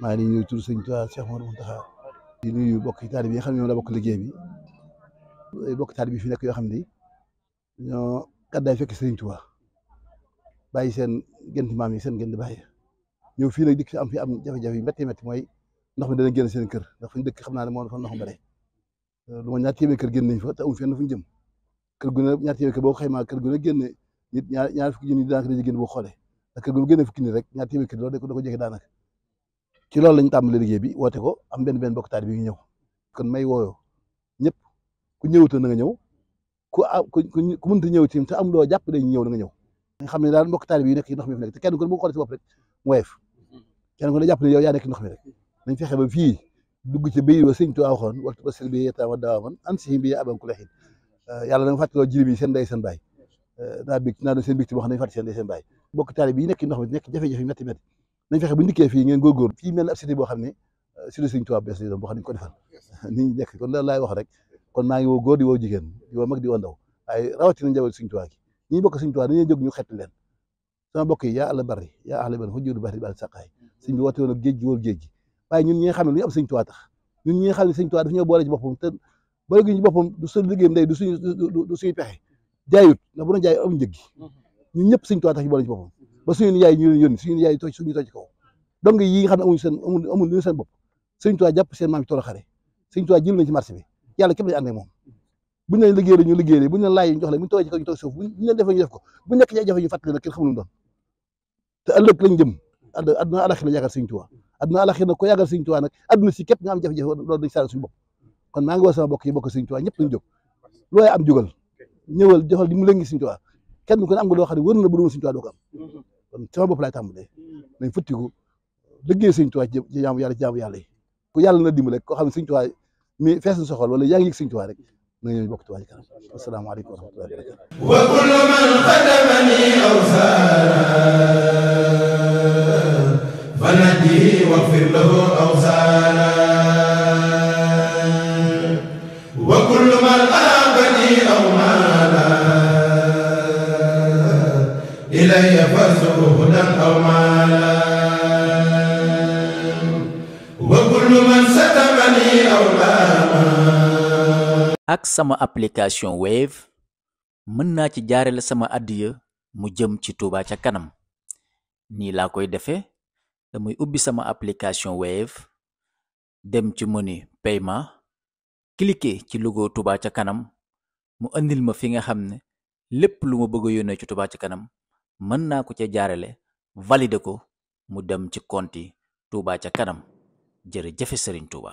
maa ngi nuyu tur sëñ Tuubaa Cheikh Mouhamadou Mountakha di nuyu bokk taalibe yi nga xam ne ñoom la bokk liggéey bi bokk taalibe bi fi nekk yoo xam ne ñoo kaddaay fekk sëñ Tuubaa bàyyi seen gént maam yi seen gént bàyyi ñëw fii nag dikk fi am fi am jafe-jafe yu métti métti mooy ndox mi dana génn seen kër ndax fuñ dëkk xam naa ne moo dafa ndox mu bare euh, lu ma ñaar téeméer kër génn nañ fa te amuñ jëm kër gu ne ñaar téeméer boo ko xaymaa kër gu ne génne ñaar ñaar fukki junni daanaka dañuy génn boo xoolee te kër gu ne génne fukki nit rek ñaar téeméer kër loolu jege daanaka ci loolu lañ tàmbali liggéey bi woote ko am been benn bokk taal bi ñu ñëw kon may ku ñëwutoon na nga ñëw ku ah ku ku mënta ñëw ci te am loo jàpp dañ ñëw na nga ñëw nga xam ne daal mbokk taal bi yu nekk ci ndox mi fi nekk te kenn ku ne bu ko xoolee ne jàpp ndox mi rek nañ fexe ba fii dugg ci béy ba sëñ Tuubaa waxoon waxtu ba sëñ bi yetaama daawa man an si bi aban ku lexin euh, yàlla da nga fàttaloo jirim yi seen day seen baay daa euh, big naa doon seen big ti boo xam ne bokk taal bi yi nekk ndox mi nekk jafe-jafe metti nañ fexe bu ndikkee fii ngeen góorgóor fii mel na ab cité boo xam ne euh, cité Sëriñ Tuubaa bees lay boo xam ne ko defal nit ñi nekk kon la laay wax rek kon maa ngi woo góor di woo jigéen di woo mag di woo ndaw waaye rawatina njaboot Sëriñ Tuubaa gi ñi bokk Sëriñ Tuubaa dañuy jóg ñu xett leen sama bokk yi yaa àll bari yaa àll bari fa jiwdu bari bari saqaay sëñ bi woote woon ak géej gi wóor géej gi waaye ñun ñi nga xam ne lu ñu am tax ñun ne Sëriñ Tuubaa dafa ñoo boole ci boppam te boole gi ci boppam du suñu liggéeyam day du suñu du suñu pexe jaayut ndax bu doon jaay am njëg gi mm-hmm. ñun ñëpp Sëriñ ba suñu yaay ñu leen yónni suñu yaay toj suñu toj ci kaw donc yi nga xam ne amuñu seen amuñu amuñu lu seen bopp Sëriñ Tuubaa jàpp seen maam ci toolu xare Sëriñ Tuubaa jël nañ ci marché bi yàlla képp lañ ànd ak moom buñ leen liggéey ñu liggéey leen buñ leen laaj ñu jox leen buñ toogee ci kaw ñu toog suuf buñ leen defee ñu def ko bu nekk ci ay jafe ñu fàttali la kenn xamul lu mu doon te ëllëg lañ jëm àdduna àlaxira yàggal Sëriñ Tuubaa àdduna àlaxira nag ko yàggal Sëriñ Tuubaa nag àdduna si képp nga am jafe-jafe loolu dañ saal suñu bopp kon maa ngi woo sama bokk yi bokk Sëriñ Tuubaa ñëpp lañ jóg looy am jógal ñëwal joxal di mu leen ngi Sëriñ Tuubaa kenn ku ne am nga loo xam ne wër na bu doon Sëriñ Tuubaa doo ko am sama bopp laay tàmbalee nañ futtiku dëggee sëñ Tuubaa ci jaamu yàlla jaamu yàlla yi ku yàlla na dimbale koo xam ne sëñ Tuubaa mi fees na soxal wala yaa ngi yëg sëñ Tuubaa rek na ñëw bokk Tuubaa ci kanam asalaamaaleykum wa rahmatullahi wa barakatuh إلي فارزقه هدى أو مالا وكل من ستمني أو لاما ak sama application Wave mën naa ci jaarale sama addiya mu jëm ci Touba ca kanam nii laa koy defee damay ubbi sama application Wave dem ci menu paiement cliquer ci logo Touba ca kanam mu indil ma fi nga xam ne lépp lu ma bëgg a yónnee ci Touba ca kanam mën naa ko ca jaarale valider ko mu dem ci compte Touba ca kanam jërëjëfe Serigne Touba.